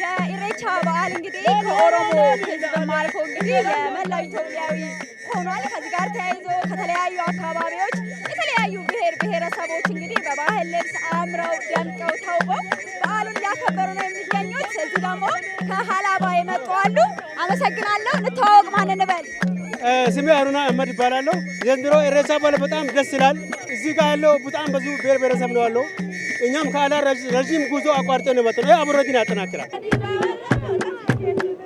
የኢሬቻ በዓል እንግዲህ ከኦሮሞ ሕዝብ አልፎ እንግዲህ የመላው ኢትዮጵያዊ ሆኗል። ከዚህ ጋር ተያይዞ ከተለያዩ አካባቢዎች የተለያዩ ብሔር ብሔረሰቦች እንግዲህ በባህል ልብስ አምረው ደምቀው ተውበው በዓሉን እያከበሩ ነው። እዚህ ደግሞ ከሀላባ የመጡ አሉ። አመሰግናለሁ። እንተዋወቅ፣ ማን እንበል? ስሜ አሩና አህመድ ይባላለሁ። ዘንድሮ ኢሬቻ በዓል በጣም ደስ ይላል። እዚህ ጋር ያለው በጣም ብዙ ብሔር ብሔረሰብ ነው ያለው። እኛም ከኋላ ረዥም ጉዞ አቋርጠን ነው መጥነው አብሮነትን ያጠናክራል።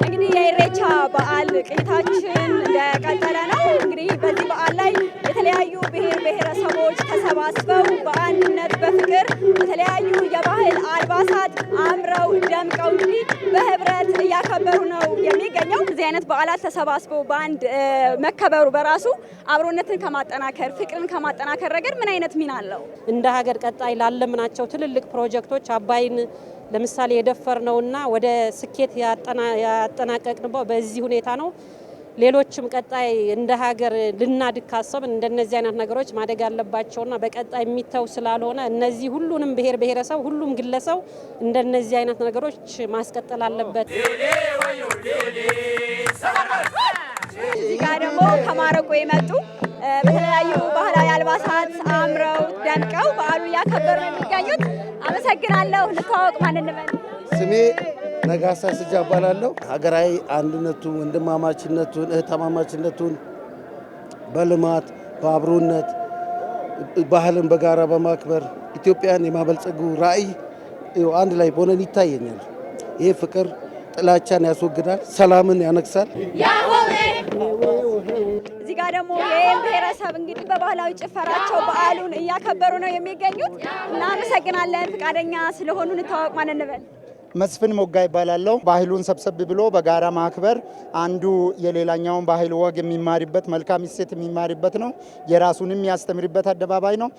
እንግዲህ የኢሬቻ በዓል ቅኝታችን እንደቀጠለ ነው። እንግዲህ በዚህ በዓል ላይ የተለያዩ ብሔር ብሔረሰቦች ተሰባስበው በአንድነት በፍቅር በተለያዩ የባህል አልባሳት አምረው ደምቀው እንግዲህ በህብረት እያከበሩ ነው የሚገኘው። እዚህ አይነት በዓላት ተሰባስበው በአንድ መከበሩ በራሱ አብሮነትን ከማጠናከር ፍቅርን ከማጠናከር ረገድ ምን አይነት ሚና አለው? እንደ ሀገር ቀጣይ ላለምናቸው ትልልቅ ፕሮጀክቶች አባይን ለምሳሌ የደፈርነውና ወደ ስኬት ያጠናቀቅንበው በዚህ ሁኔታ ነው። ሌሎችም ቀጣይ እንደ ሀገር ልናድግ ካሰብን እንደነዚህ አይነት ነገሮች ማደግ አለባቸውና በቀጣይ የሚተው ስላልሆነ እነዚህ ሁሉንም ብሔር ብሔረሰብ ሁሉም ግለሰብ እንደነዚህ አይነት ነገሮች ማስቀጠል አለበት። እዚህ ጋር ደግሞ ከማረቆ የመጡ በተለያዩ ባህላዊ አልባሳት አምረው ደምቀው በዓሉ እያከበሩ ነው የሚገኙት። አመሰግናለሁ። ልታወቅ ማንንበል ስሜ ነጋሳ ስጃ እባላለሁ። ሀገራዊ አንድነቱን፣ ወንድማማችነቱን፣ እህታማማችነቱን በልማት በአብሮነት ባህልን በጋራ በማክበር ኢትዮጵያን የማበልጸጉ ራዕይ አንድ ላይ በሆነን ይታየኛል። ይህ ፍቅር ጥላቻን ያስወግዳል፣ ሰላምን ያነግሳል። እዚህ ጋር ደግሞ የኤም ብሔረሰብ እንግዲህ በባህላዊ ጭፈራቸው በዓሉን እያከበሩ ነው የሚገኙት። እናመሰግናለን። ፈቃደኛ ስለሆኑ እንታወቅ ማን እንበል መስፍን ሞጋ ይባላለሁ። ባህሉን ሰብሰብ ብሎ በጋራ ማክበር አንዱ የሌላኛውን ባህል ወግ የሚማሪበት መልካም እሴት የሚማሪበት ነው። የራሱንም የሚያስተምርበት አደባባይ ነው።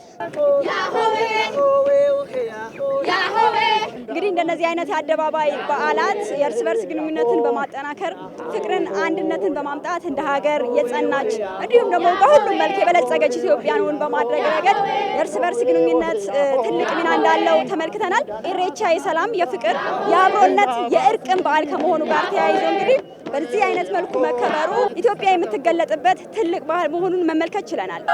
እንግዲህ እንደነዚህ አይነት የአደባባይ በዓላት የእርስ በርስ ግንኙነትን በማጠናከር ፍቅርን፣ አንድነትን በማምጣት እንደ ሀገር የጸናች እንዲሁም ደግሞ በሁሉም መልክ የበለጸገች ኢትዮጵያን በማድረግ ረገድ የእርስ በርስ ግንኙነት ትልቅ ሚና እንዳለው ተመልክተናል። ኢሬቻ የሰላም የፍቅር የአብሮነት የእርቅን በዓል ከመሆኑ ጋር ተያይዞ እንግዲህ በዚህ አይነት መልኩ መከበሩ ኢትዮጵያ የምትገለጥበት ትልቅ ባህል መሆኑን መመልከት ችለናል።